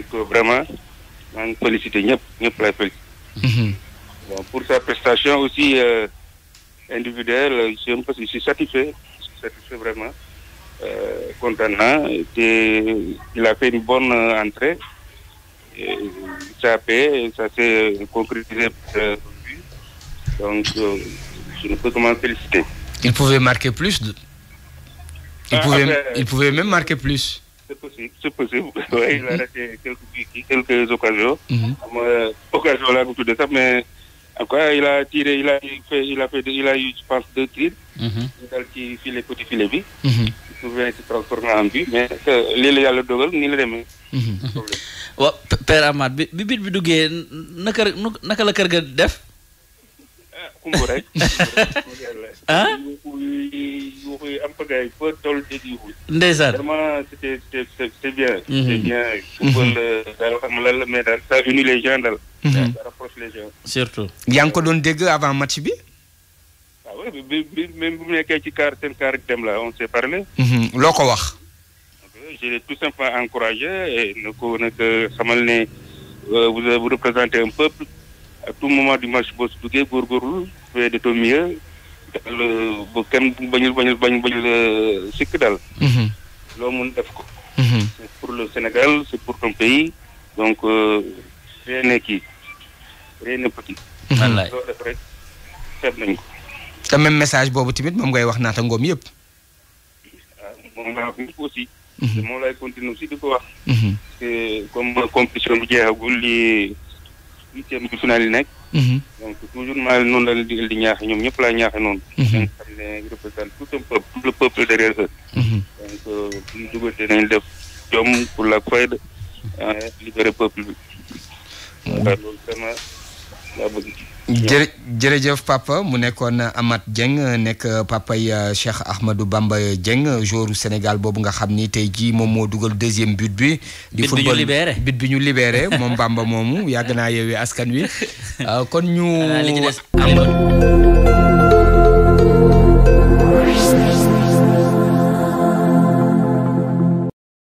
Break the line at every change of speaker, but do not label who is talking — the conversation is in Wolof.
donc euh, vraiment maa ngi félicité ñëpp ñëpp lay félicité. Mhm. pour sa prestation aussi euh, individuelle je parce satisfait vraiment kontaan euh, naa te il a fait une bonne entrée ça a payé ça s'est concrétisé donc
je ne peux que féliciter. il pouvait marquer plus. c'est possible c'est possible. waaye il a mhm. raté quelques quelques occasions.
Mhm. xam nga occasion laa ko tuddee sax mais. en tout cas il a tiré il a fait il a fait il a eu je pense deux tirs. ñu mhm. dal ci filet petit filet bi. pour venir ci transformé
bi bi bi duggee naka naka la def. xumb rek. ah
yuuxu yi am pagaay yi foo toll dégg yuuxu. ndeysaan vraiment c'était c'était c'est bien. c'est mhm. bien football mhm. daal xam lan la mais mhm.
surtout. yaa doon dégg avant match bi. Ah loo ko wax.
je tout simplement encouragé et na ko xamal ne euh, vous vous un peuple à tout moment du match boo si duggee fait de ton mieux daal kenn bañul bañul bañul euh, sikk daal mhm. loo mun def ko mhm. c'est pour le Sénégal c'est pour ton pays donc euh, rien n'est kii rien mhm.
tamit moom ngay wax naata ngoom yëpp
ah, moom laa wax ñëpp aussi moom laay continuer aussi di ko wax parce que comme compétition bi jeexagul li huitième bi final nekk Mhm. donc toujours maa noonu la leen digal di ñaaxe ñoom ñëpp laay ñaaxe noonu. nga mhm. xam peuple tout le peuple mhm. donc euh, bu ñu dugatee def jom pour la fayda ah, libérer peuple bi. laa bëgg.
jërë jërëjëf papa mu nekkoon Amath Dieng nekk papay euh, Cheikh Ahmadou Bamba Dieng joueur Sénégal boobu nga xam ni tey jii moom moo dugal deuxième but bi. di football bit bi ñu libéré moom Bamba moomu yàgg naa yeewee askan wi euh, kon ñu. li